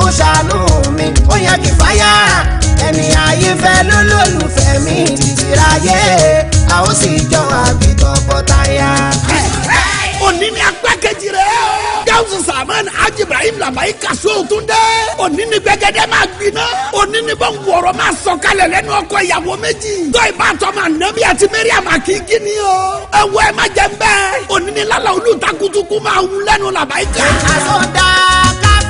ó ṣàánú mi ó yẹ kí fáyà ẹni ayé fẹ́ ló mi títí a ó sì jọ àbí tọkọtaya. òní ni agbákejì rẹ̀ o. gáúsù sàmán Ibrahim làbáyé kaso tún dé. òní ni gbẹgẹdẹ máa gbiná. òní ni bọ́n wọ̀rọ̀ máa sọ̀kalẹ̀ lẹ́nu ọkọ ìyàwó méjì. tó ìbátan máa nẹ́bí àti mẹ́ríàm àkíkí ni o. ẹ wọ ẹ má jẹ bẹ́ẹ̀. òní ni lálẹ́ olùtakùtukù máa wù lẹ́nu làbáyé ká. àsọdá.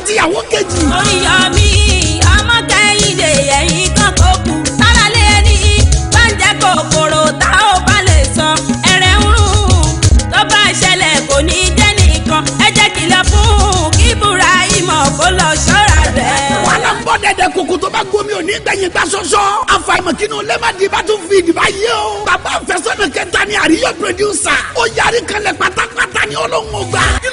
àtìyàwó kejì. oríyọ mi ọmọ kẹ́hìndé ẹ̀yìn kan tó kù sára lé ní báńjẹ́ kòkòrò tá ò bá lè sọ ẹ̀rẹ̀ ń rùn tó bá ṣẹlẹ̀ kò ní jẹ́ nìkan ẹ jẹ́ kìlọ̀ fún kí búra ìmọ̀ kó lọ ṣọ́ra rẹ̀. wọn lọ bọ́ dẹ̀dẹ̀ kòkò tó bá gomi ò ní gbẹ̀yìn gbà sọ́sọ́ àfàìmọ̀ kí ni o lè má di bá tún fi ìdìbò ayé o. bàbá àfẹsọ́nà kẹta ni àríyọ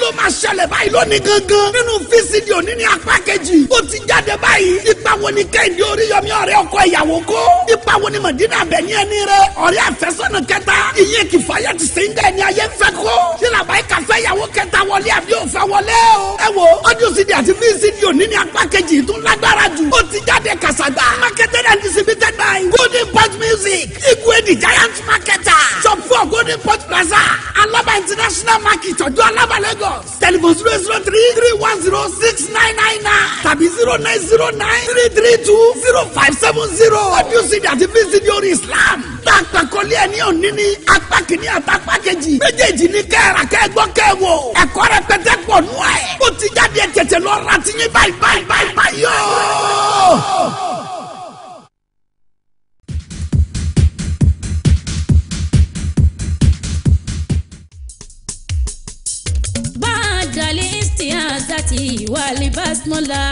ló máa ṣẹlẹ̀ báyìí lónìí gangan nínú fíṣídìí òní ní apá kejì ó ti jáde báyìí ipa wo ni kẹ́hìndé oríyọmí ọ̀rẹ́ ọkọ ìyàwó kó ipa wo ni mọ̀dínà bẹ̀ni ẹni rẹ ọ̀rẹ́ àfẹ́sọ́nà kẹta ìyẹn kìfáyà ti sìn dẹ́ ni ayé ń fẹ́ kó sílàbà yìí kàfẹ́ ìyàwó kẹta wọlé àbí òfẹ́ wọlé o. ẹ wo audio cd àti vcd òní ní apá kejì tún lágbára jù ó ti jáde kàṣàgbà marketed and distributed by golden port music igwe the giant marketer shop four golden port plaza alaba international market ọjọ́ alaba Lagos. Telephone zero zero three three one zero six nine nine nine tàbí zero nine zero nine three three two zero five seven zero. Audio CD àti fídíò orin Islam. Tá a pàkọ́lé ẹ̀ ní òní ní apá kìíní àti apá kejì. Méjèèjì ní kẹ́ra kẹ́gbọ́ kẹ́wò. Ẹ̀kọ́ rẹpẹtẹ pọ̀ nù ẹ̀. Ó ti jáde tètè lọ ra báyìí báyìí báyìí báyìí yóò. امتياز ذاتي والبسملة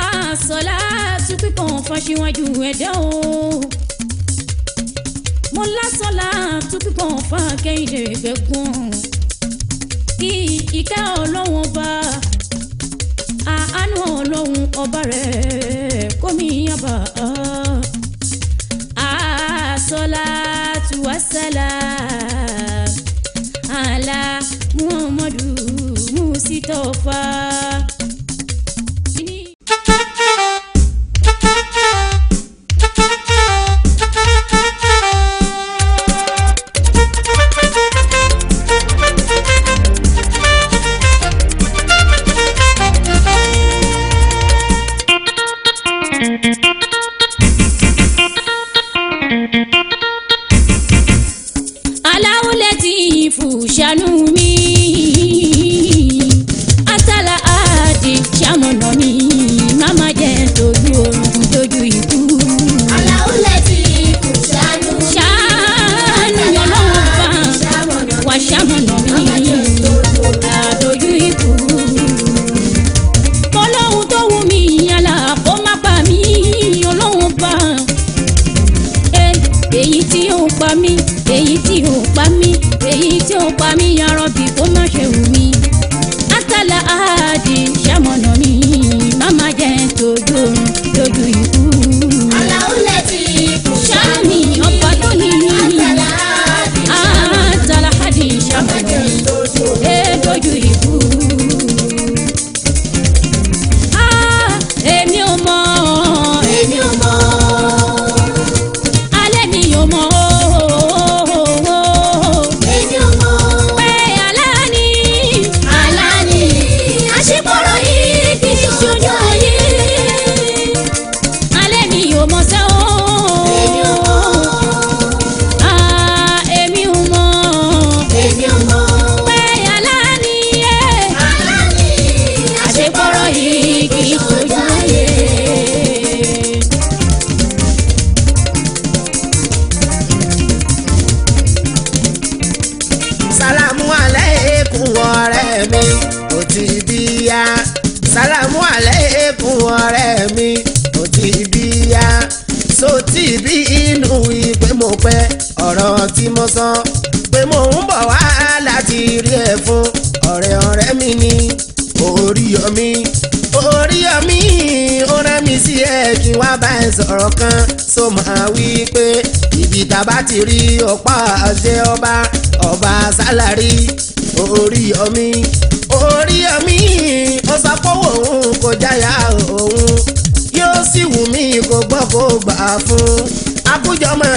àsọ̀láàtú kíkan fàṣíwájú ẹ̀dá o mo lásọ̀láàtú kíkan fà kẹ́hìndé gbẹ̀gùn kí ìkẹ́ ọlọ́run ọba àánú ọlọ́run ọba rẹ̀ kómi yaba àsọ̀láàtú wàsálàá. pásítọ̀ fà sì rí ọ̀pá àṣẹ ọba ọba sálárì orí ọmí orí ọmí ó sàpọ̀wọ̀ òun kò jáyà òun yóò sì wù mí kó gbọ́ kó gbà fún akújọmọ́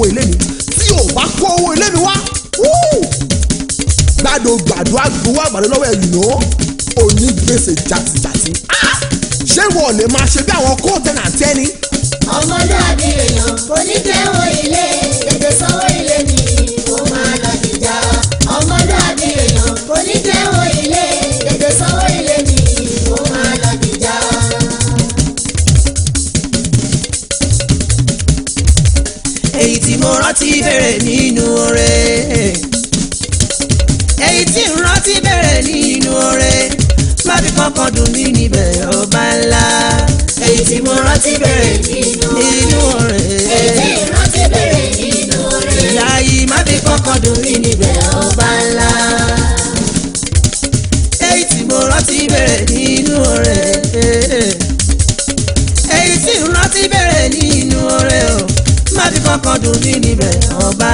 owó ilé mi tí ò bá kó owó ilé mi wá gbàdo gbàdo agbowó àgbàdo lọ́wọ́ ẹ̀ lò ó onígbèsè jàtìjàtì ah! ṣé wọn ò lè máa ṣe bí àwọn kóòtẹ́nà tẹ́ni rántí bẹ̀rẹ̀ nínú oore. èyí tí ń rántí bẹ̀rẹ̀ nínú oore má fi kankan dùn mí níbẹ̀ ọba ńlá. èyí tí mo rántí bẹ̀rẹ̀ nínú oore. èyí tí ń rántí bẹ̀rẹ̀ nínú oore. ìyá yìí má fi kankan dùn mí níbẹ̀ ọba ńlá. kan dùn sí níbẹ̀ ọba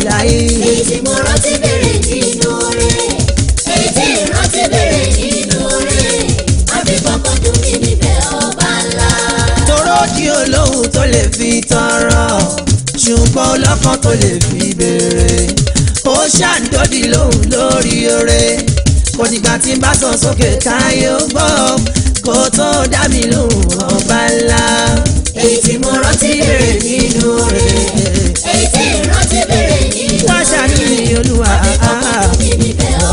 ìláyé. èyí tí mo rántí bèrè nínú rẹ̀ èyí tí ìrántí bèrè nínú rẹ̀ àfikún kan dùn sí níbẹ̀ ọba ńlá. toró di olóhùn tó lè fi tọrọ ṣùgbọ́n ọlọ́kàn tó lè fi béèrè ó ṣàǹdódì lóhùn lórí oore kò dìgbà tí n bá sọ sókè káyọ̀ gbọ́ kó tó dá mi lóhùn ọba ńlá èyí tí mo rántí bèrè nínú rẹ̀. èyí tí ìrántí bèrè nínú rẹ̀. wá ṣàníyàn olúwa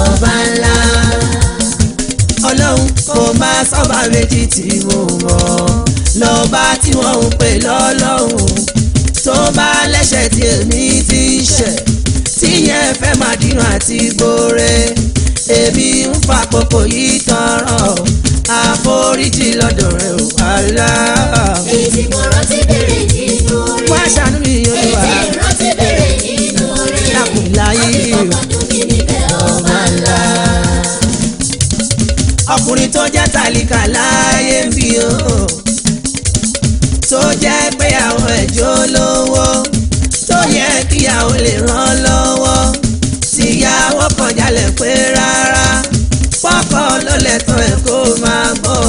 ọba ńlá ọlọ́run kò máa sọ́ba méjì tí mo mọ̀ lọ́ba tí wọ́n ń pè lọ́lọ́run tó bá lẹ́sẹ̀ tí èmi ti ṣẹ̀ tíyẹn fẹ́ máa dínà àti gbòòrè èmi ń fa àkókò yìí tọrọ àforíjì lọ́dọ̀ rẹ̀ ò àlá. èyí mo rántí bèrè nínú rẹ̀. wá ṣàánú mi olúwa. èyí rántí bèrè nínú rẹ̀. lákùn láyé ọ̀bàlá. ọkùnrin tó jẹ́ tàlíkà láyé ń bí o. tó jẹ́ pé àwọn ẹ̀jọ́ lówó tó yẹ kíyàwó lè ràn lọ́wọ́ tíyàwó kọjá lẹ̀ pé rárá kọ́kọ́ ló lẹ́tọ̀ ẹ̀ kó máa bọ̀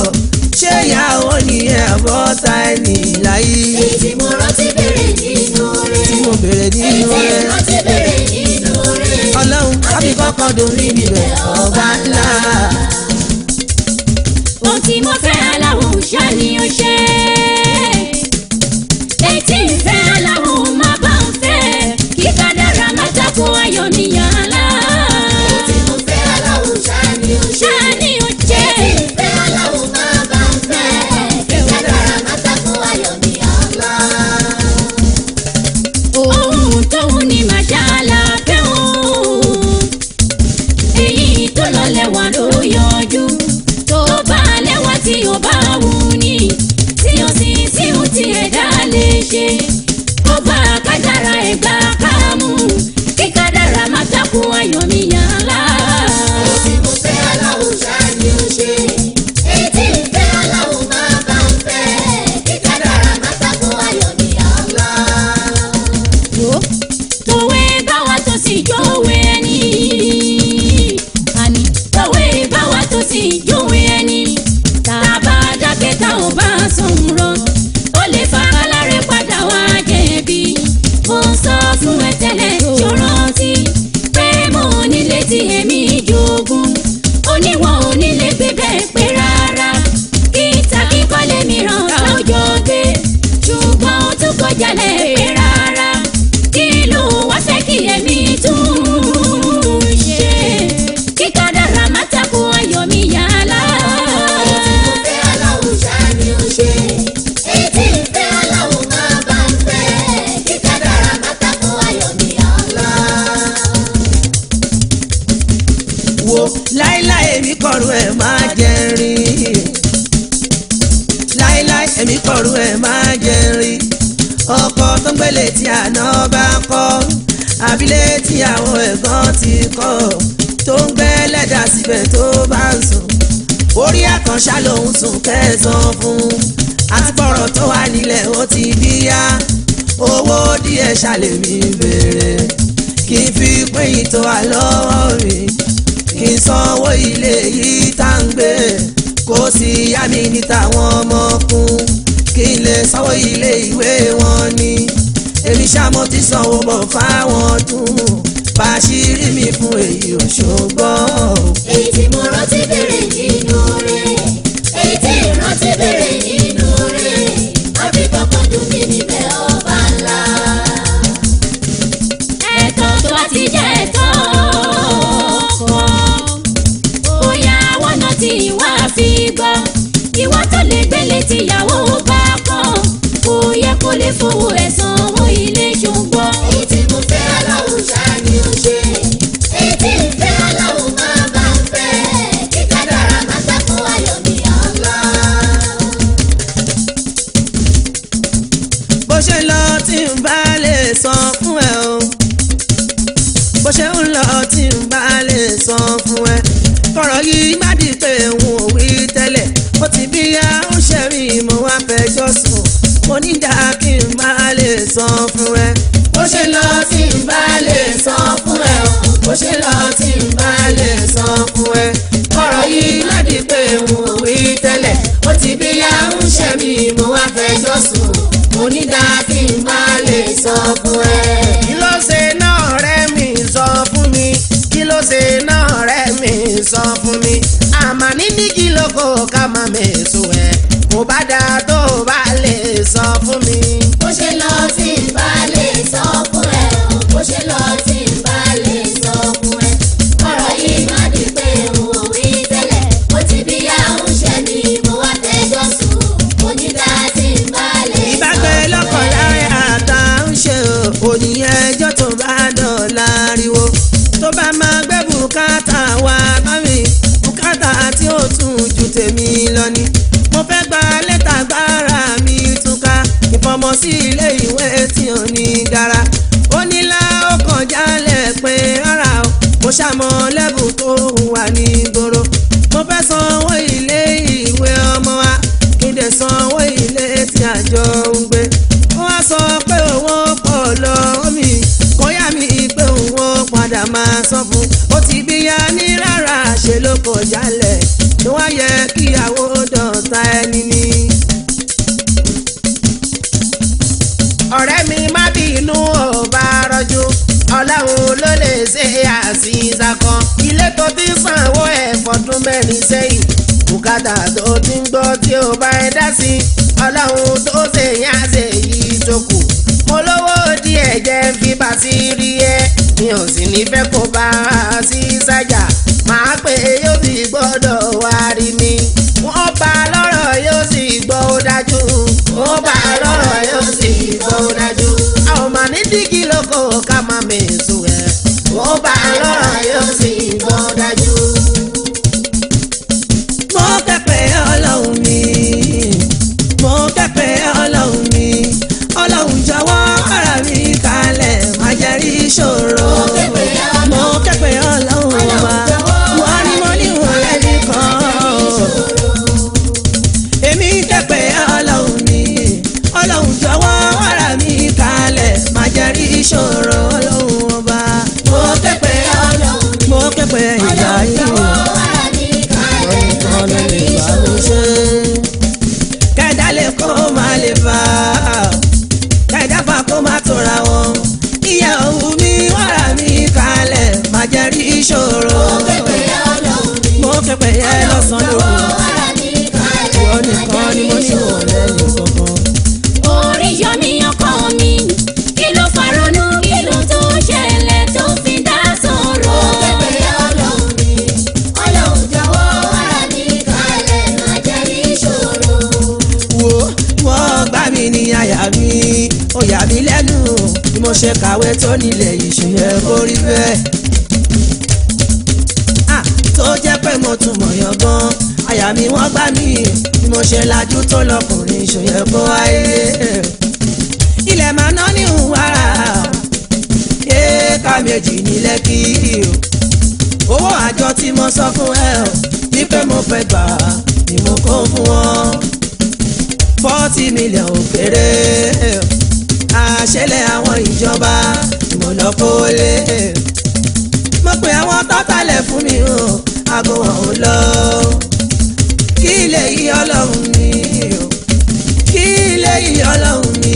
ṣé ìyàwó ni ẹ̀ bọ́ ta ẹni láyé. èyí tí mo rántí bèrè nínú rẹ̀. tí mo bèrè nínú rẹ̀. èyí tí mo rántí bèrè nínú rẹ̀. ọlọ́run ọba ńlá. ohun tí mo fẹ́ aláwọ̀ ṣá ni ó ṣe. ètí ìfẹ́. ilé ìwé wọn ni èmi ṣá ti sanwó bọ̀ fáwọn ọdún bá a ṣì rí mi fún èyí òṣòro. padà máa sọ fún ó ti gbéyà ní rárá ṣe ló kọ jálẹ̀ tó wá yẹ kíyàwó dọ̀tá ẹni ni. ọ̀rẹ́ mi má bínú ò bá rọ́jú ọlọ́run ló lè ṣe àṣìṣà kan ilé tó ti sanwó ẹ̀ fọdún mẹ́rin sẹ́yìn bùkátà tó ti ń gbọ́ tí ó bá ẹ dá sí ọlọ́run tó ṣèyàn ṣèyí tó kù mo lówó díẹ̀ jẹ́ fi bá sí rí mi ò sì ní fẹ́ kó bá a sí sájà máa pé yóò ti gbọ́dọ̀ wá rí mi. wọ́n bá lọ́rọ̀ yóò sì gbọ́ ó dájú. ó bá lọ́rọ̀ yóò sì gbọ́ ó dájú. a ò mà ní dígí lóko ká má mèso ẹ̀. ó bá lọ́rọ̀ yóò sì gbọ́ ó dájú. ṣe kàwé tó nílẹ̀ yìí ṣe yẹ kó rí bẹ́ẹ̀. tó jẹ́ pé mo tún mọ̀yàn gan-an àyà mi wọ́n gbá mi bí mo ṣe lajú tó lọkùnrin ṣe yẹ kó ilẹ̀ máa ná ní ìhùwárà éèkà méjì ní lẹ́kì owó àjọ tí mo sọ fún ẹ wípé mo fẹ́ gbà ni mo kó fún wọn fọ́tí mílíọ̀nù kéré ṣẹlẹ̀ àwọn ìjọba mọ̀nàkólé. mo pe àwọn tọ́talẹ̀ fún mi o aago wọn ò lọ. kí ilé yìí ọlọ́run mi o kí ilé yìí ọlọ́run mi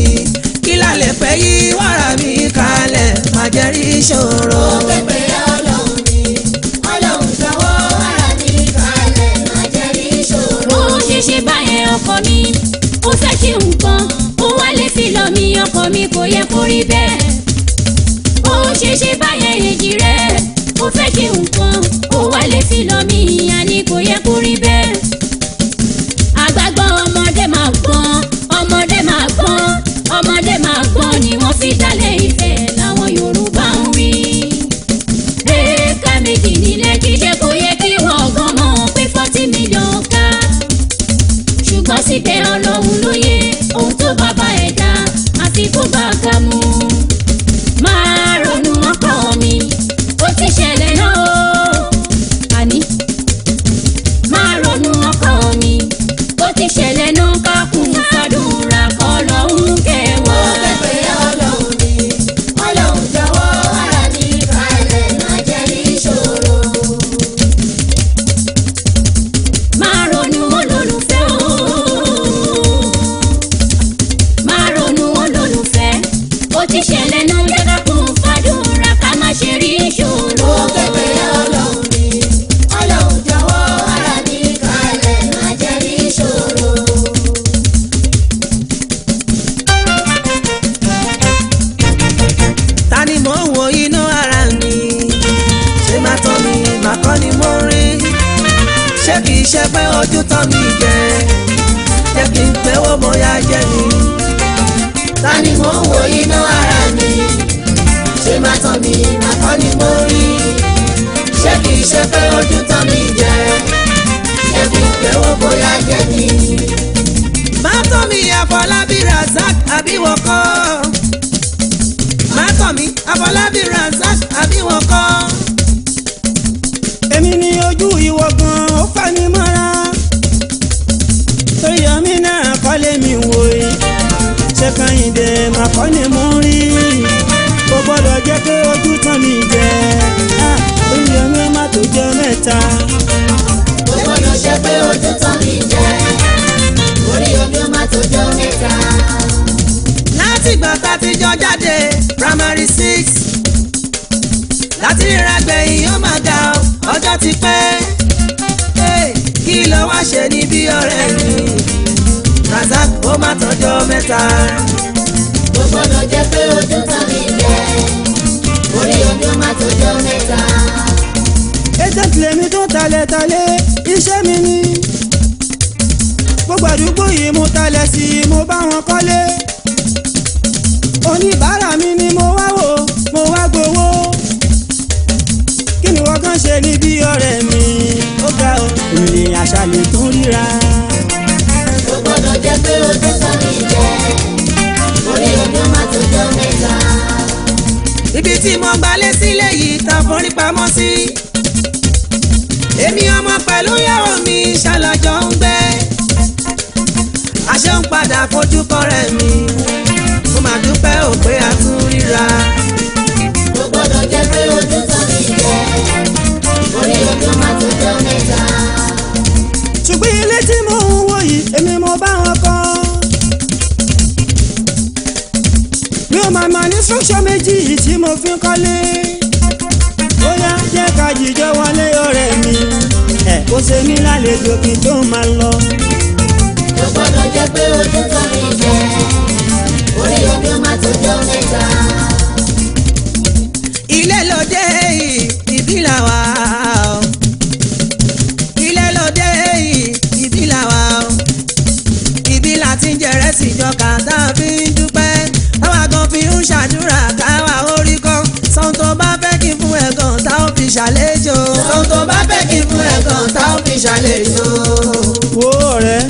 kí lálẹ́ fẹ́ yí wàrà mi kalẹ̀ má jẹ́ rí kò yẹ kó rí bẹ́ẹ̀ bó ṣe ṣe báyẹn èjì rẹ̀ mo fẹ́ kí nǹkan kó wá lè lọ mí ìyá ni kò yẹ kó rí bẹ́ẹ̀. kó má tọjọ́ mẹ́ta. kò gbọ́dọ̀ jẹ́ pé ojú tán mi jẹ́ orí omi ó má tọjọ́ mẹ́ta. agent lèmi tó talẹ̀talẹ̀ iṣẹ́ mi ni gbogbo àdúgbò yìí mo talẹ̀ sí i mo bá wọn kọ́lé oníbàárà mi ni mo wá wò mo wá gbowó kí ni wọ́n kàn ṣe níbi ọ̀rẹ́ mi ó ga ọ́ ìrìn àṣà lè tún ríra mi jẹ́ orí odò má tó ibi tí mo gbalé sílé yìí ta forí pamọ́ sí. èmi ọmọ pẹ̀lú yàwó mi ṣàlàjọ ń gbé. àṣẹ ń padà fojú kọrẹ́ mi mo máa dúpẹ́ ò pé a tún ríra. kò gbọ́dọ̀ jẹ́ pé ojú tó mi jẹ́ orí odò má tó jọ mẹ́ta. ṣùgbọ́n ilé tí mo ń wò yìí èmi mo bá wọn. àmà ní sọ́ọ̀ṣọ́ méjì yìí tí mo fi ń kọ́lé. bóyá jẹ́ ká jíjọ wọlé ọ̀rẹ́ mi ẹ̀ kó ṣe mí lálejò kí n tó máa lọ. kò gbọ́dọ̀ jẹ́ pé ojú tó mi jẹ́ orí omi ó máa tó jẹ́ mẹ́ta. ilé ló dé ìdílà wa. ṣàlejò. ohun tó bá fẹ́ kí n fún ẹ gan tá ó fi ṣàlejò. wo ọ̀rẹ́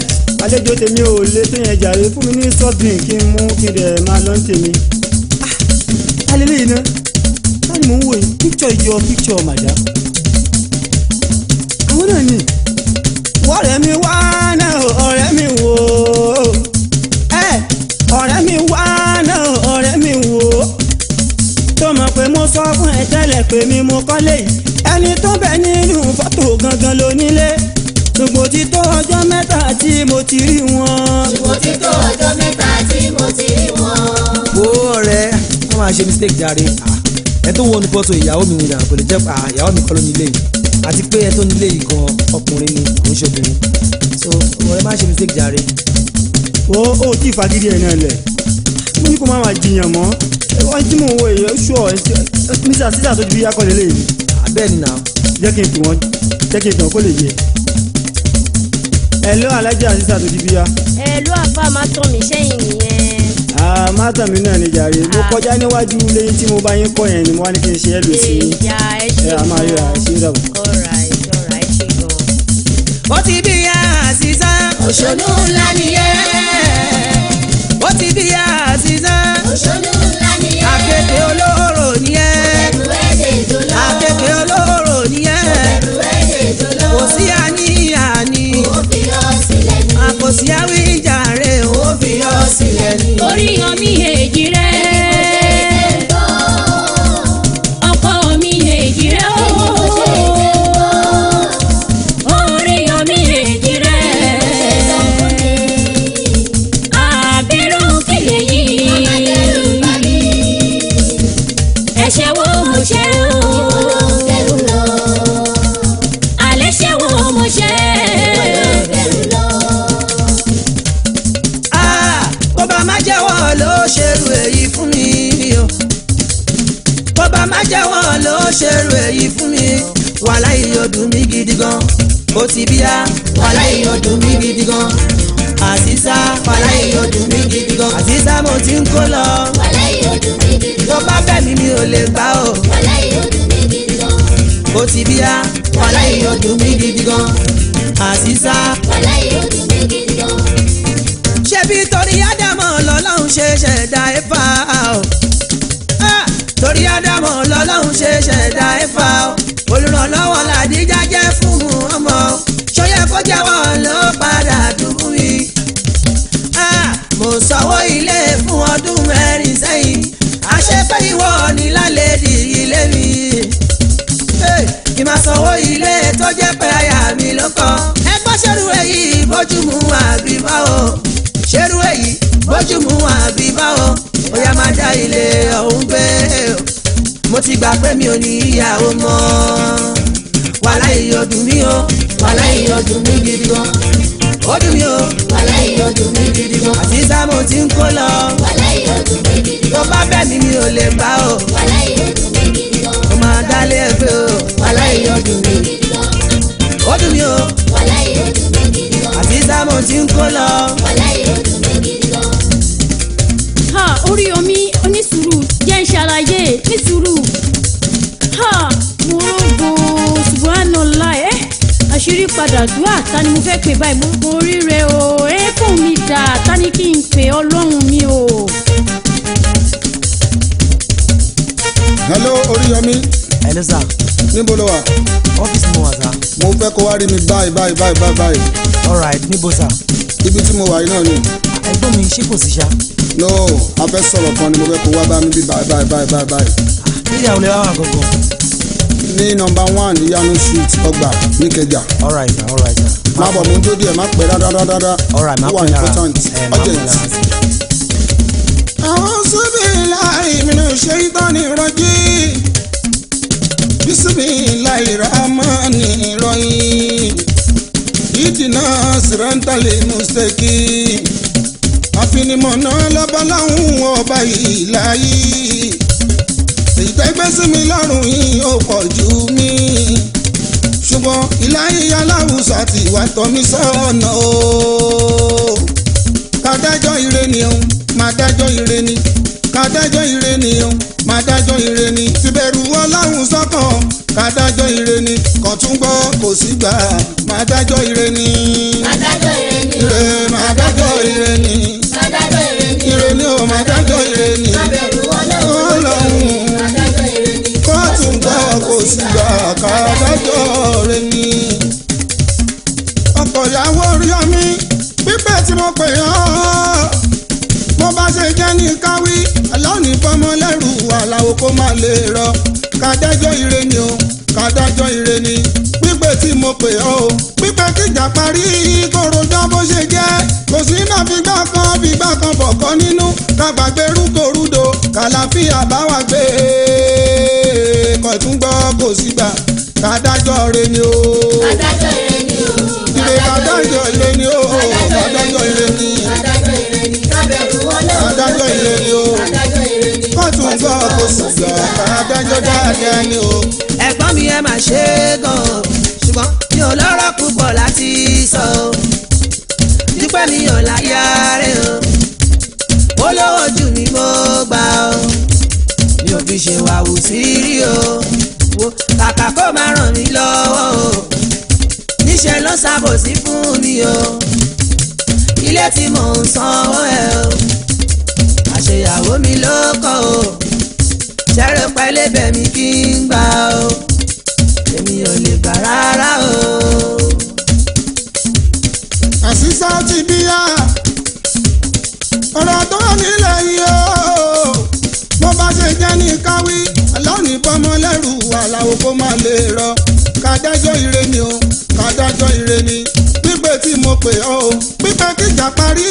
àlejò tèmi ò lè tó yẹn jàre fún mi ní soft drink kí n mú kí n dẹ̀ máa lọ tèmi. alẹ́lẹ́ ah, yìí ná táwọn mò ń wò yìí ìjọ píkṣọ màdá. àwọn náà ni wọ́n mi wá náà ọ̀rẹ́ mi wò ó. lẹ pé mi mo kọ́lé yìí ẹni tó bẹ nínú fọ́tò gangan lónílé ṣùgbọ́n ti tó ọjọ́ mẹ́ta tí mo ti rí wọn. ṣùgbọ́n ti tó ọjọ́ mẹ́ta tí mo ti rí wọn. wo ọ̀rẹ́ wọn máa ṣe mistake jàre ah, ẹ tó wọnú fọ́tò ìyàwó mi nìyà kò lè jẹ́ ah, ìyàwó mi kọ́ ló nílé yìí àti pé ẹ tó nílé yìí gan ọkùnrin ni kò ń ṣobìnrin so ọ̀rẹ́ máa ṣe mistake jàre. o tí ì fagídí ẹ̀ náà lẹ̀ mo ní kó má máa jiyàn mọ́ wọ́n tí mò ń wo èyí ṣú ọ̀ mísà sísà tó ju yákọ̀ lélẹ̀ yìí abẹ́ ni náà jẹ́ kí n pè wọ́n jẹ́ kí n pè wọ́n kó lè yẹ. ẹ̀lọ́ alájà sísà tó ju bíyà. ẹ̀lọ́ àfa máa tàn mí sẹ́yìn nìyẹn. àà má tàn mí náà ní jàre mo kọjá níwájú lẹ́yìn tí mo bá yín kọ́ yẹn ni mo wá ní kí n ṣe é lò sí i. ẹ a máa ríra ẹ ṣe ń dàbọ̀. ó ti bí yá àzízá òṣèlú ńlá nìyẹn ó ti bí yá àzízá òṣèlú ńlá àkekèé olóró ni ẹ́ àkekèé olóró ni ẹ́ kò sí àníyàn ni àkòsí àwíjàre ó fi ọ́ sílẹ̀ ni. orí yan mi he. ó ti bíyá wàhálà èèyàn dùn mí gidi gan àṣìṣà wàhálà èèyàn dùn gidi gan àṣìṣà mo ti ń kó lọ wàhálà èèyàn dùn mí gidi gan tó bá bẹ̀ mí mi ò lè gbà pé mi ò ní ìyàwó mọ́ wàhálà ìyọ̀dùn mi o wàhálà ìyọ̀dùn mi gidi gan ó dùn mí o wàhálà ìyọ̀dùn mi gidi gan àti sáàmù tí ń kó lọ wàhálà ìyọ̀dùn mi gidi gan tó bá bẹ̀ mí mi ò lè bá o wàhálà ìyọ̀dùn mi gidi gan mo máa dálé ẹgbẹ́ o wàhálà ìyọ̀dùn mi gidi gan ó dùn mí o wàhálà ìyọ̀dùn mi gidi gan àti sáàmù tí ń kó lọ wàhálà ìyọ̀dùn mi gidi gan. orí omi onísùúrù ah mo rògbò subhanallah ẹ àṣírí padà dùá ta ni mo fẹ́ pè báyìí mo kò ríre o èèpù mi dà ta ni kí n pè ọlọ́run mi o. hello oríyọmí. hello sir. níbo ló wà. ọ́fíìsì mo wà sá. mo fẹ́ kó wá rí mi báyìí báyìí báyìí báyìí. all right níbo sá. ibi tí mo wà yìí náà ni. ẹ̀gbọ́n mi ṣé kò sí ṣá. no a fẹ́ sọ̀rọ̀ kan ni mo fẹ́ kó wá bá mi bí báyìí báyìí báyìí báyìí nàìjíríà ò lè wá ní nọmba one yanu street ọgbà nìkẹjà. alright bọ̀ mú tó díẹ̀ má pẹ́ dáadáa. alright má pẹ́ dára ẹ̀ eh, má pẹ́ dára. a'udhu billahi minash shaitani rajim. bismillahir rahmanir rahim. ìdìnnà sìrántàlẹ̀ mustaqim àfinimọ̀nà lọ́bọ̀láhùn ọba ìlàyé ìtẹ́gbẹ́ sí mi lọ́rùn yìí ó pọ̀ jù mí ṣùgbọ́n ìláyé aláwùsọ àti ìwà tọ́mí sọ́ọ̀nà o kàdájọ́ ire ni o máa dájọ́ ire ni kàdájọ́ ire ni o máa dájọ́ ire ni síbẹ̀rù ọláhùn sọ́kàn kàdájọ́ ire ni kọ̀túngbọ́ kò sígbà máa dájọ́ ire ni. kó má lè rọ kàdájọ́ ire ni o kàdájọ́ ire ni pípé tí mo pè ọ́ o pípé kíjà parí kóró dán bó ṣe jẹ́ kò sí náà fígbà kan fígbà kan bọ̀kan nínú kàgbàgbé rúkòrúdò kàlàfíà bá wà gbé kọ̀tún gbọ́ kò sígbà kàdájọ́ ire ni o. lọ. àtàjọ jáde ni o. ẹ̀gbọ́n mi ẹ máa ṣe é gan-an ṣùgbọ́n mi ò lọ́rọ̀ púpọ̀ láti sọ o. dúpẹ́ mi ò láyà rẹ̀ o. olówó jù ni mo gbà o. mi ò fi ṣe wàhù sí rí o. wo kàkà kó máa ràn mí lọ́wọ́ o. níṣẹ́ ló ṣàbòsí fún mi o. ilé tí mò ń sanwó ẹ̀ o. àṣeyàwó mi ló kọ́ o ṣẹ́rẹ̀ pẹ́lẹ́ bẹ̀mí kí n gbà o èmi ò lè gbà rárá o. àṣìṣe ti bíyà ọ̀rọ̀ tó wà nílẹ̀ yìí o bó bá ṣe jẹ́ ní káwí lónìí bọ́mọ lẹ́rù wà láwo kó má lè rọ kádájọ́ ire o kádájọ́ ire tí mo pè ọ́ o. pípẹ́ kíjà parí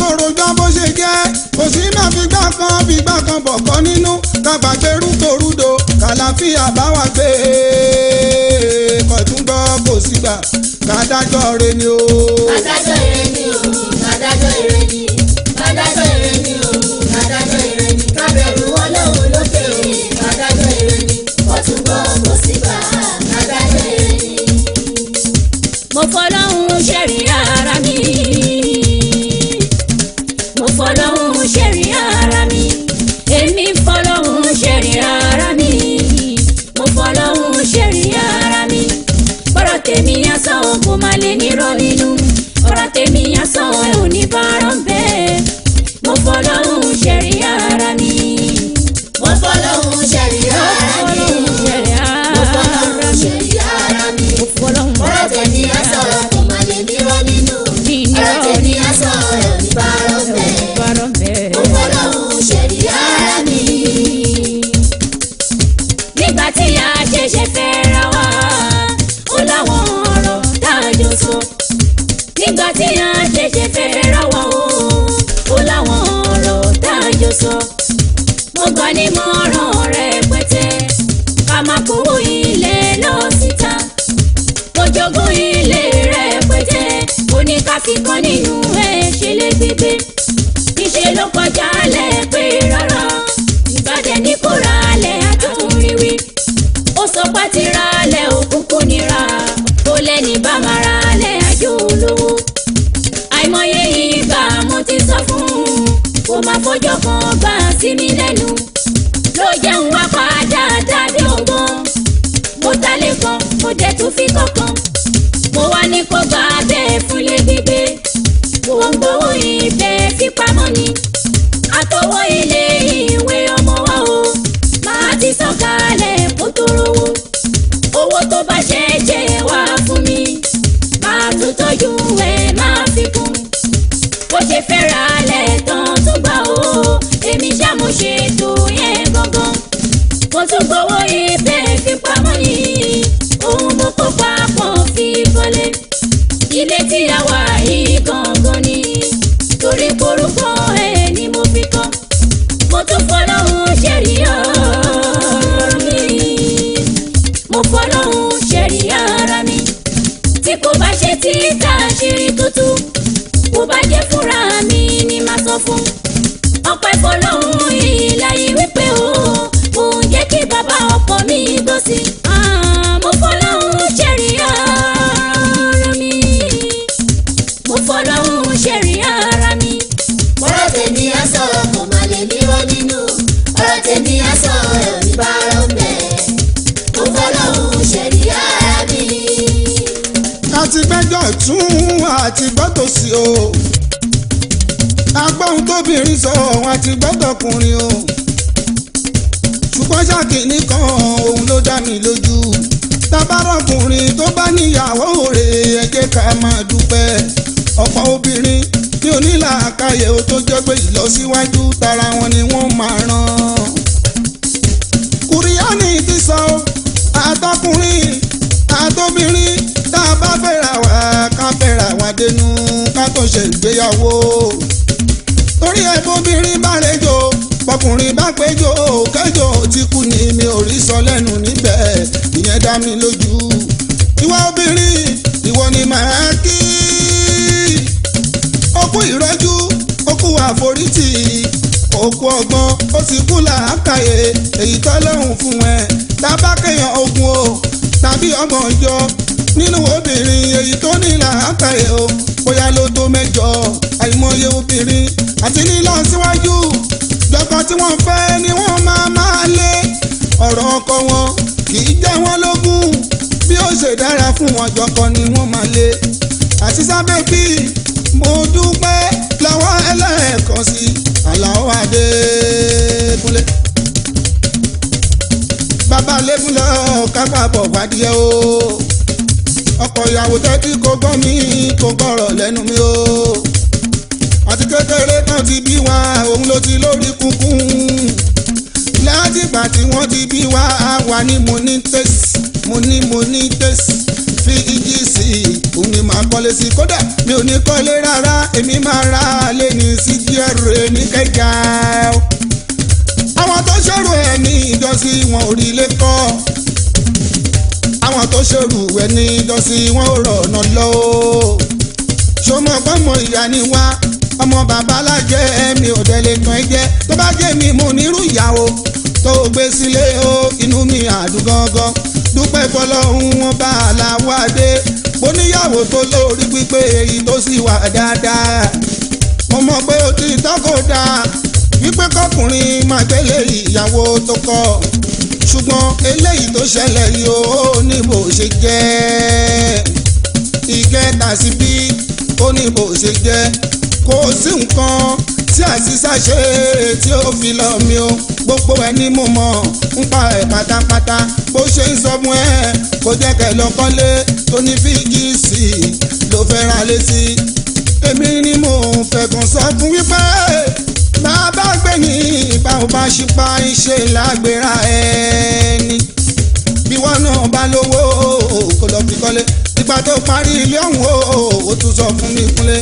kó rojọ́ bó ṣe jẹ́ kò sí má fi gbá kan fi gbá kan bọ̀ kọ́ nínú kábàgbérú korúdo kàlàfíà bá wà gbé kọ̀túngbọ́ kò sígbà kádájọ́ re ni o. adájọ́ àjálẹ̀ pé rárá ìbàdàn ní kò ra alẹ̀ àtúnrí wí. ó sọ pé ti ra alẹ̀ òkun kò ní ra ó lẹ́ni bá máa ra alẹ̀ àjò olówó. àìmọye ìgbà mo ti sọ fún un kó má fọjọ́ kan gbà sí mi lẹ́nu ló jẹun wá padà dábí ọgbọ́n mo ta lè kàn mo jẹ tún fi kọ̀kan mo wá ní kó gbà létí àwa. tún àti gbọ́tò sí o agbóhun tóbìnrin sọ òun àti gbọ́tọ̀kùnrin o ṣùgbọ́n ṣáàkì nìkan òun ló dá mi lójú tabarọkùnrin tó bá níyàwó òrè ẹ jẹ́ ká máa dúpẹ́ ọ̀pọ̀ obìnrin tí onílàákàyè ó tó jẹ́ pé ìlọsíwájú tara wọn ni wọ́n máa ràn. kùrìyọ́nì ti sọ àtọkùnrin àtobìnrin tá a bá fẹ́ra wa ká fẹ́ra wa dénú ká tó ṣe ìgbéyàwó. torí ẹ bóbìnrin bá rejò bọkùnrin bá péjò kẹjọ ti kú ni mi ò rí sọ lẹ́nu níbẹ̀ ìyẹn dá mi lójú. ìwà obìnrin ìwọ ni màá kí. okú ìrẹ́jú okú àforítì òkú ọgbọ́n ó ti kú làákàyè èyí tọ́lọ́hún fún ẹ tábà kéèyàn ogun o tàbí ọgbọ̀n ọjọ́ nínú obìnrin èyí tó ní làákàyè o bóyá ló tó mẹ́jọ àìmọye obìnrin àti lílọ síwájú jọkọ tí wọ́n fẹ́ ni wọ́n máa máa lé ọ̀rọ̀ ọkọ wọn kì í jẹ wọ́n lógún bí ó ṣe dára fún wọn jọkọ ni wọ́n máa lé àti sábẹ́ bí mo dúpẹ́ lọ́wọ́ ẹlẹ́ẹ̀kan sí Àlàó Adékúnlé bàbá lẹ́kúnlọ́ kápá bọ̀ wádìí o ọkọ ìyàwó tẹ́tí kò gbọ́ mi kò gbọ́rọ̀ lẹ́nu mi o àti kékeré kan ti bí wa òun ló ti lórí kunkun látìgbà tí wọ́n ti bí wa á wà ní mo ní tẹ́sí mo ní mo ní tẹ́sí fi igi sí i òun ni màá kọ́lé sí i kódà mi ò ní kọ́lé rárá èmi máa ra lé ní cgr ní kẹjà àwọn tó ṣòro ẹ̀ ní ìjọsìn wọn ò rí lé kọ́ táwọn tó ṣerú ẹ ní ìjọsí wọn ò rọ̀nà lọ o ṣọmọ pọ́nmọ ìyá ni wá ọmọ bàbá alájẹ ẹ̀mí ò délé kan ẹ jẹ́ tó bá jẹ́ mi mo nírú ìyàwó tó gbé sílé o inú mi àdùn gangan dúpẹ́ fọlọ́hún wọn bá aláwọ̀ adé oníyàwó tó lórí pípé èyí tó sì wà dáadáa mo mọ̀ pé o ti tọ́kọ̀ dáa wípé kọkùnrin máa gbélé ìyàwó tó kọ́ ọ ṣùgbọ́n eléyìí tó ṣẹlẹ̀ yìí ó ní bó ṣe jẹ́ ìkẹta sí bí ó ní bó ṣe jẹ́ kò sí nǹkan tí àṣìṣà ṣe tí ó fi lọ mi o gbogbo ẹ ní mo mọ̀ ń pa ẹ̀ pátápátá bó ṣe ń sọ fún ẹ kó jẹ́ kẹ́ lọ́kọ́lé tó ní fíjìsì ló fẹ́ ra létí èmi ni mo fẹ̀gàn sọ fún wípé bàbá gbẹ̀yìn bá ò bá ṣípa iṣẹ́ lágbèrà ẹni bí wọ́n náà bá lówó kó lọ fi kọ́lé ìgbà tó parí ilé ọ̀hún o ó tún sọ fún mi kúnlé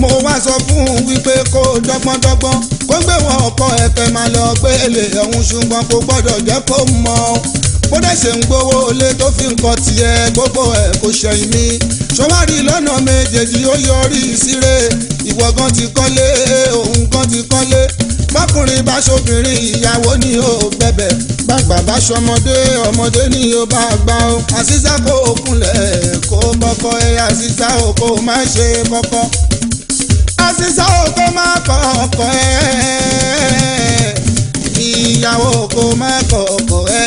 mo wá sọ fún un wípé kó dọ́gbọ́ndọ́gbọ́n kó gbé wọn ọkọ ẹ̀fẹ̀ máa lọ gbélé ọ̀hún ṣùgbọ́n kò gbọ́dọ̀ jẹ́ kó mọ̀ bó dẹ̀ ṣe ń gbowó lé tó fi nǹkan tiẹ̀ gbogbo ẹ̀ kò ṣẹ̀yìn mi ṣọwárí lọ́nà méjèèjì ó yọrí síre ìwọ gan ti kọ́lé òun gan ti kọ́lé bákùnrin bá ṣobìnrin ìyàwó ni ó bẹ̀bẹ̀ bàgbà bá ṣọmọdé ọmọdé ni ó bá gbà ó àṣìṣà kó o kúnlẹ̀ kó o bọ́kọ ẹ àṣìṣà o o má ṣe bọ́kọ àṣìṣà o kó má kọ ọkọ ẹ ìyàwó kó má kọ ọkọ ẹ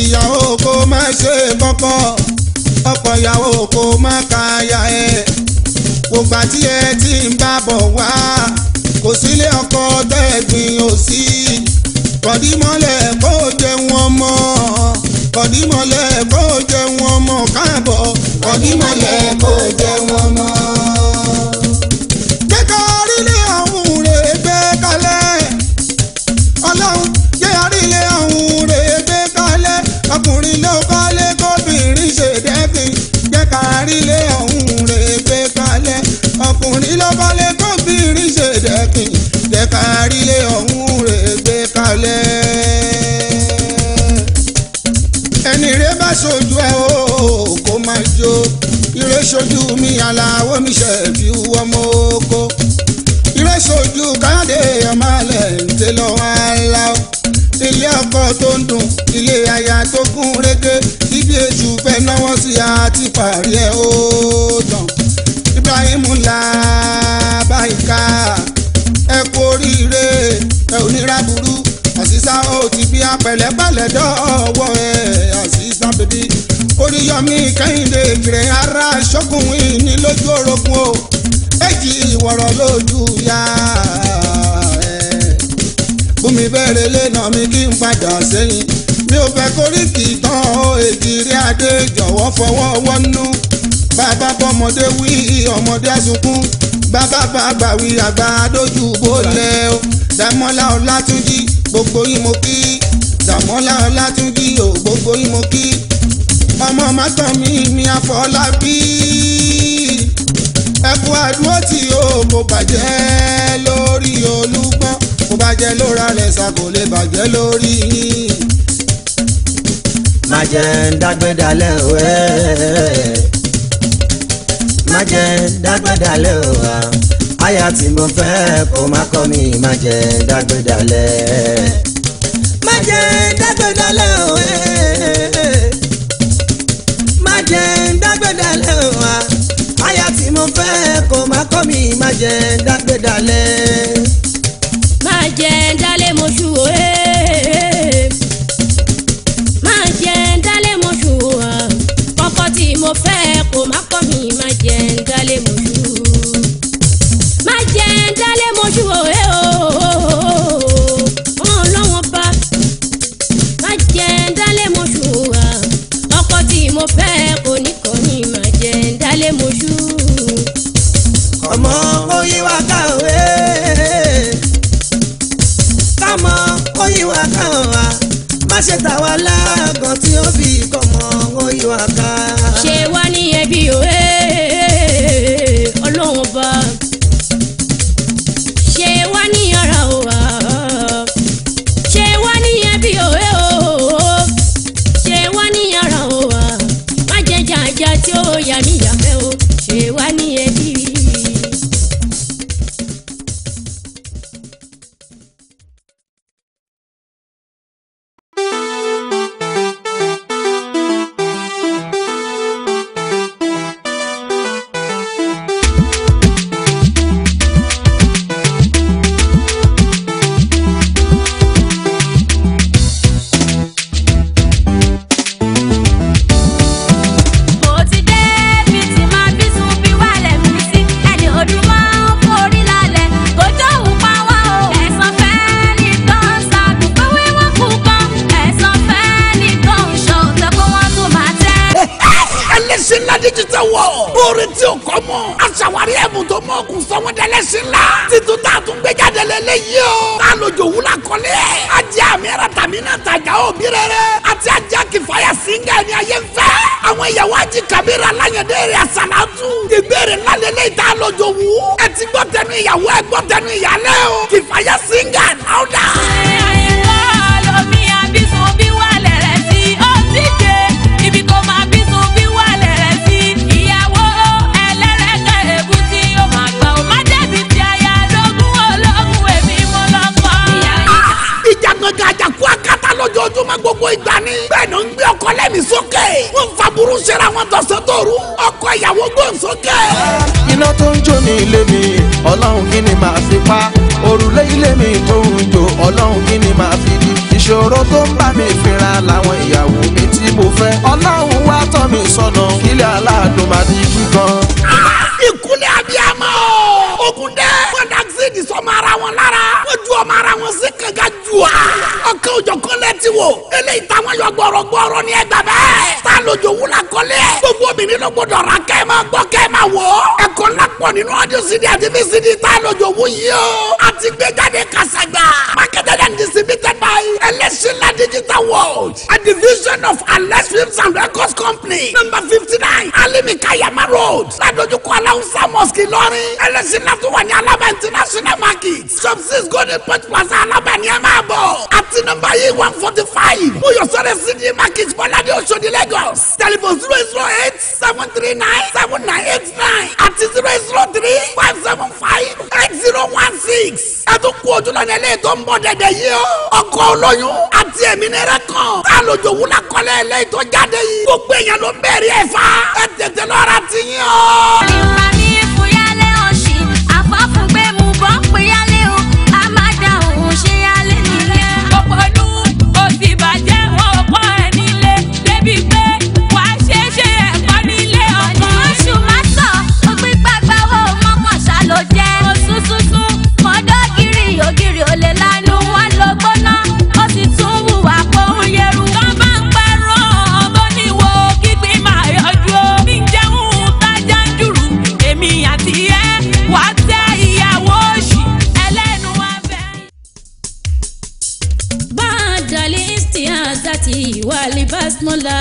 ìyàwó kó má ṣe bọ́kọ ọkọ ìyàwó kó má ka ẹ kò gbà tí ẹ ti ń bá bọ̀ wá kò sílé ọkọ tẹ́gbìn ò sí kọ̀dímọ́lẹ̀ kó jẹun ọmọ kọ̀dímọ́lẹ̀ kó jẹun ọmọ káàbọ̀ kọ̀dímọ́lẹ̀ kó jẹun ọmọ. ọkùnrin ló kọ́lé kóbìnrin ṣèdẹ́fin jẹ́ balẹ̀ tó bí rí ṣe dẹ́kin dẹ́ka rílé ọ̀hún rè gbé kalẹ̀. ẹni rẹ bá ṣojú ẹ o kó máa jó ire ṣojú mi aláwọ̀ mi ṣe fi wọ́ mọ́ oko ire ṣojú káyọ̀dé ọmọ alẹ̀ ń tẹ lọ́wọ́ alá o ilé ọkọ tó ń dùn ilé aya tó gún régé ibi èjù fẹ́ náwó sí àti parí ẹ̀ ó tán ìmúlá báyìíká ẹ kú oríire ẹ ò ní ra burú àṣìṣà ó ti bí apẹ̀lẹ́pẹ̀lẹ́ dọ́wọ́ ẹ àṣìṣà bèbí oríyọmí kẹ́hìndé kìrẹ̀ ara ṣọ́gun ìní lójú orogún o èjì ìwọ̀rọ̀ lójú yá bùnmi bẹ̀rẹ̀ lẹ́nà mi kí n padà sẹ́yìn mi ò fẹ́ kórìkì tán èjì rí adé jọ̀wọ́ fọwọ́ wọ́nú bàbá bọ́mọdé wí ọmọdé sunkún bàbá bàbá wí àgbà dojú bólẹ̀ o Dàmọ́lá Ọlátúnjí gbogbo yín mo kí Dàmọ́lá Ọlátúnjí o gbogbo yín mo kí ọmọ mátàn mi ní Àfọlábí ẹkú àdúró tí o kò bàjẹ́ lórí olúgbọ́n kò bàjẹ́ lóra rẹ̀ sá lè bàjẹ́ lórí yín. má ń dágbé dalẹ̀ òwe má jẹ́ dágbẹ́dálẹ̀ o wa aya tí mo fẹ́ kó má kọ́ mi má jẹ́ dágbẹ́dálẹ̀. má jẹ́ dágbẹ́dálẹ̀ o ẹ̀ má jẹ́ dágbẹ́dálẹ̀ o wa aya tí mo fẹ́ kó má kọ́ mi má jẹ́ dágbẹ́dálẹ̀. má jẹ́ dálé mo ṣù o ẹ̀. Eh. mi má jẹ́ ń dálé mojú má jẹ́ ń dálé mojú òwe o wọn lọ́wọ́n bá má jẹ́ ń dálé mojú wa ọkọ tí mo fẹ́ oníkànnì má jẹ́ ń dálé mojú. ọmọ ó yí wa káwé kámọ ó yí wa tàwa láàgàn tí ó fi kọ́. ìṣòro tó ń bá mi fínra làwọn ìyàwó mi tí mo fẹ́ ọlọ́run wá tọ́ mi sọ́nà kílẹ̀ aláàdùn máa di kíkan. òjò kọ́lẹ̀ ti wò eléyìí táwọn yọ gbọ̀rọ̀ gbọ̀rọ̀ ni ẹ gbà bẹ́ẹ̀ tá a lójó wúlà kọ́lẹ̀ gbogbo obìnrin ló gbọdọ̀ ra kẹ́ ẹ máa gbọ́ kẹ́ ẹ máa wò ó ẹ̀kọ́ ńlá pọ̀ nínú ọdún sídìí àti fi sídìí tá a lójó wú yìí o a ti gbé jáde kàṣàgbà marketed and distributed by Elesinla Digital World a division of Alex films and records company number fifty nine alimi kayama road ladojukọ alawusa mosque Ìlọrin Elesinla tó wà ní alaba international market subsist golden port plaza alaba ní ẹ máa bọ̀ àti number báyìí one forty five Mọ́yọ̀sọ́rẹ́ Sidi Market Bọ́ládé Oṣodi Lagos telephone zero zero eight seven three nine seven nine eight nine àti zero zero three five seven five eight zero one six. ẹ tún kú ojú lọ́nà ẹlẹ́yìn tó ń bọ̀ dẹ́dẹ́ yìí o ọkọ̀ olóyún àti ẹ̀mí ni rẹ kàn tá a lójó wúlà kọ́lẹ̀ ẹlẹ́yìn tó jáde yìí gbogbo èèyàn ló ń bẹ̀rẹ̀ ẹ̀fà ẹ tètè lọ́ra ti yín o. يا ذاتي والبسملة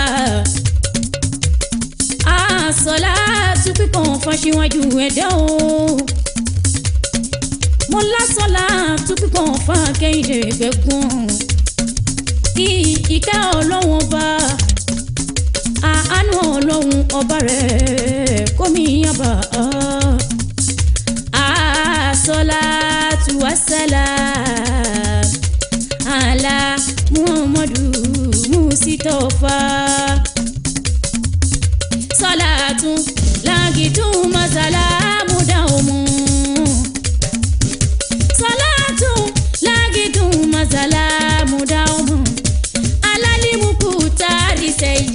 àṣọlátù kíkan fàṣíwájú ẹ̀dá o mo lásọlátù kíkan fàkẹ́yìndé gbẹ̀gùn kí ìkẹ́ ọlọ́run ọba àánú ọlọ́run ọba rẹ̀ kómi yaba àṣọlátù wàsálà àlá muhammadu musitọfa sọlaatu lagidu masalamu dawumu sọlaatu lagidu masalamu dawumu alalimuku taari sẹyi.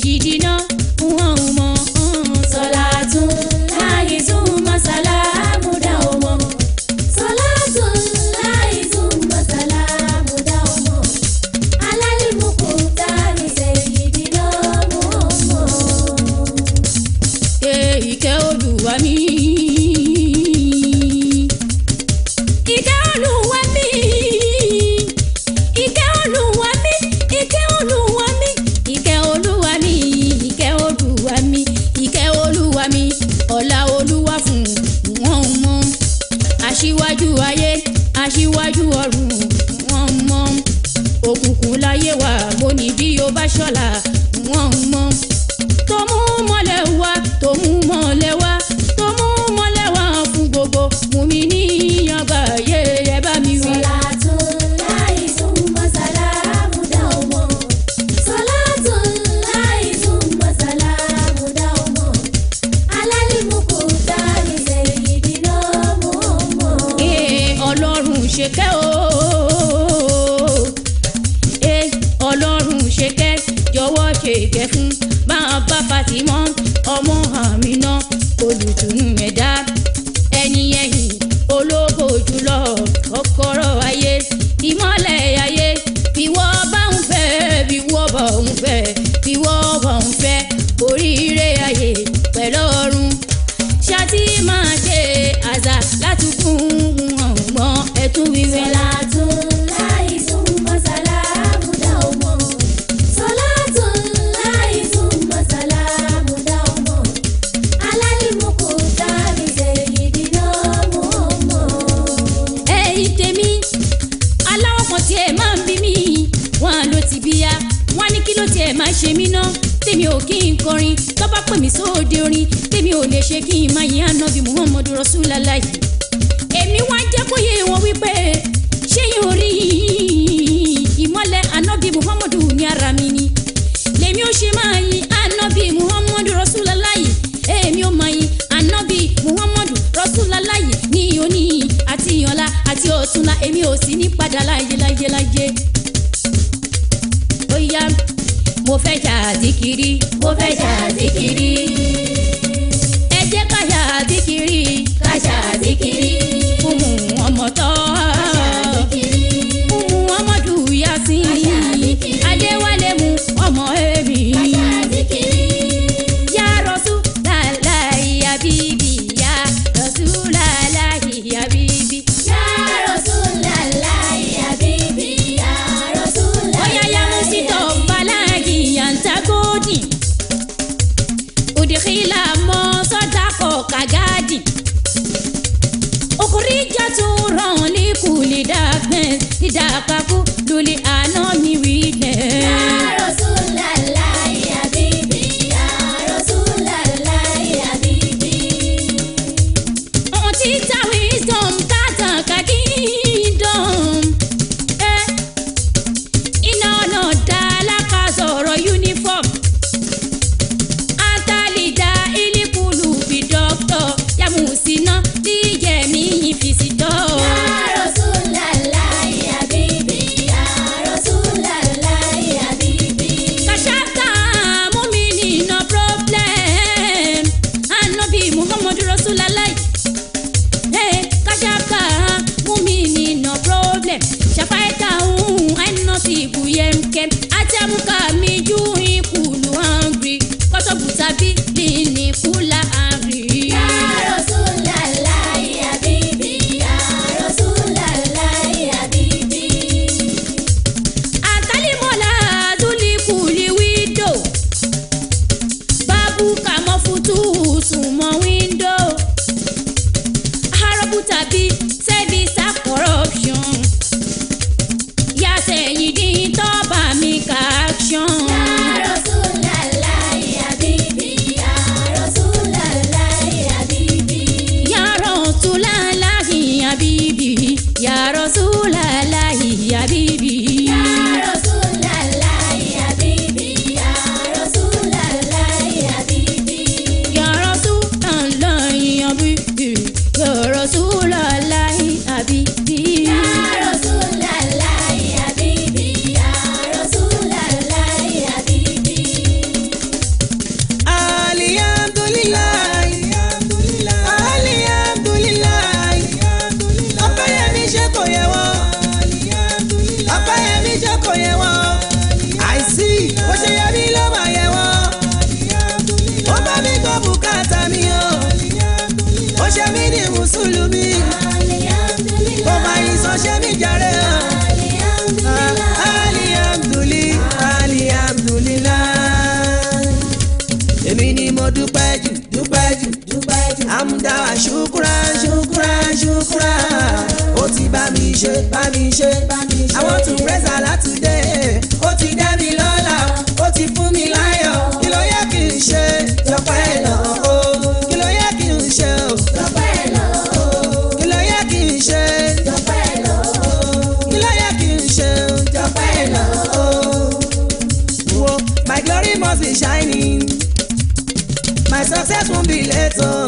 success won't be late, oh.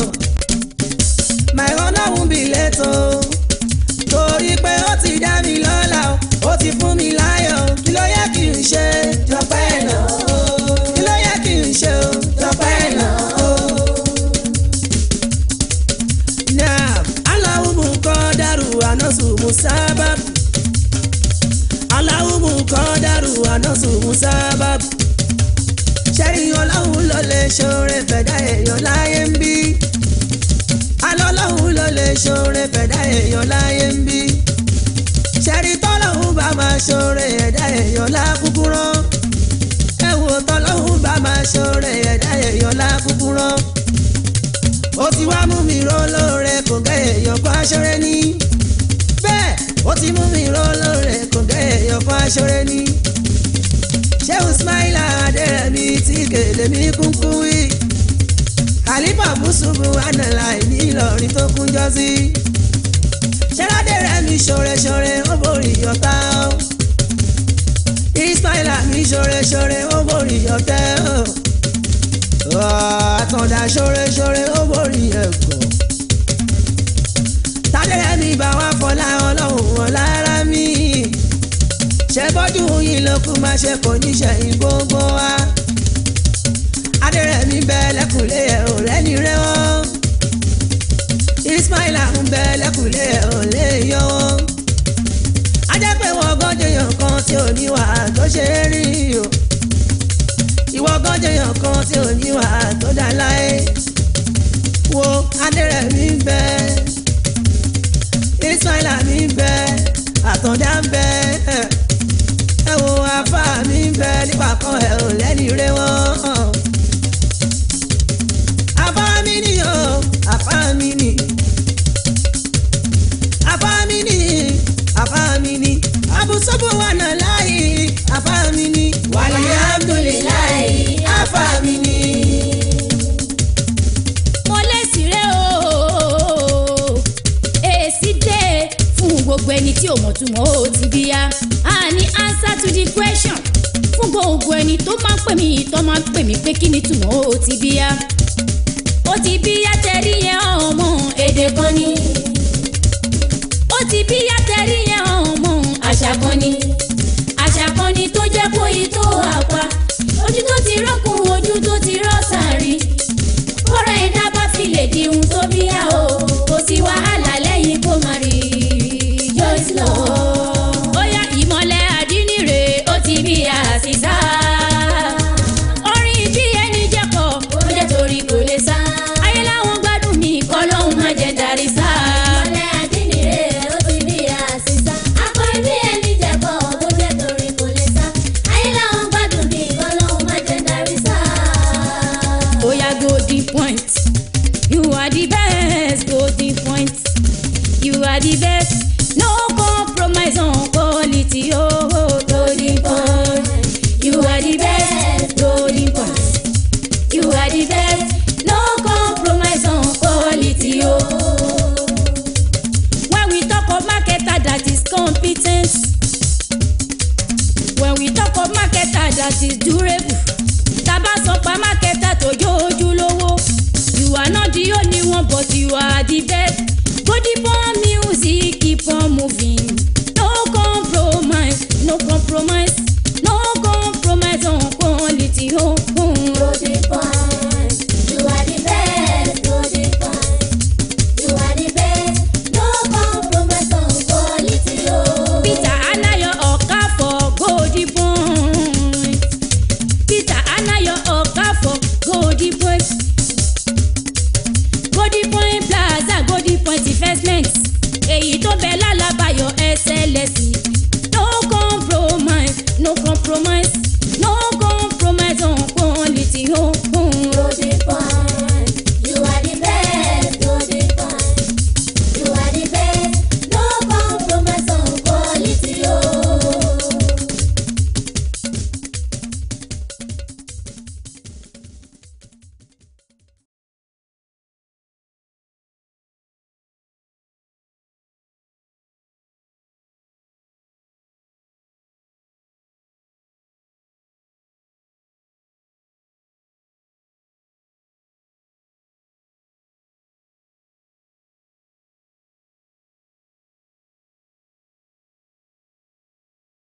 My honor won't be later. Torí pé ó ti dá mi lọ́lá o, ó ti fún mi láyọ̀. Kí ló yẹ kí n ṣe? Dọ̀pẹ́ ẹ̀ náà. Kí ló yẹ kí n ṣe o? Dọ̀pẹ́ ẹ̀ náà. Now, Allahu mukadaru anasu musabab. Allahu mukadaru anasu musabab ṣẹ́rí ọlọ́run ló lè ṣoore fẹ̀dá èèyàn láyé ń bí. alọ́lọ́run ló lè ṣoore fẹ̀dá èèyàn láyé ń bí. ṣẹ́rí tọ́lọ́run bá máa ṣoore ẹ̀dá èèyàn lákúkú rán. ẹ wo tọ́lọ́run bá máa ṣoore ẹ̀dá èèyàn lákúkú rán. ó ti wá mú mi ró lóore kò gẹ́ èèyàn kó aṣọ́rẹ́ ní. bẹ́ẹ̀ ó ti mú mi ró lóore kò gẹ́ èèyàn kó aṣọ́rẹ́ ní. Shehu Ismail Adéyẹmí tí gèlè mi kúnkún wí. Khalifa Busubu Anala ní Ìlọrin tó kúnjọ́ sí. Ṣẹ́ládé rẹ̀ mi ṣoreṣore ó borí yọ̀tá o. Ismail mi ṣoreṣore ó borí yọ̀tá o. Àtàndá ṣoreṣore ó borí ẹ̀kọ́. Tádé rẹ̀ mi bá wá fọlá ọlọ́run ọ̀la ara mi ṣe bọ́dún yìí ló kú máa ṣe kò ní ṣẹ̀yìn gbogbo wa. adẹ́rẹ̀mí bẹ lẹ́kùnlé ẹ̀ ò rẹ́ni rẹ́ o. ismaila ń bẹ lẹ́kùnlé ẹ̀ ò yọ o. a jẹ́ pé wọ́n gọ́jọyàn kan tí ò ní wà tó ṣe é rí o. ìwọ gọ́jọyàn kan tí ò ní wà tó dá láé. wo adẹ́rẹ̀mí bẹ ismaila mi bẹ àtọ̀dá bẹ ẹ wo afá mi ń bẹ nípa kan ẹ ò lẹ́ni rẹ wọ́n. afá mi ni o afá mi ni afá mi ni afá mi ni abusobo wa na láàyè afá mi ni. wàlíhàmdùlìláì afá mi ni. gbogbo ẹni tí ò mọ̀ tún mọ́ ó ti bí yá ní answer to the question fún gbogbo ẹni tó máa ń pè mí tó máa ń pè mí pé kí ni túmọ̀ ó ti bíyá ó ti bíyá tẹ̀rí yẹn ọmọ èdè kan ni ó ti bíyá tẹ̀rí yẹn ọmọ àṣà kan ni àṣà kan ni tó jẹ́ kó yí tó àpá ojú tó ti rọ́pò.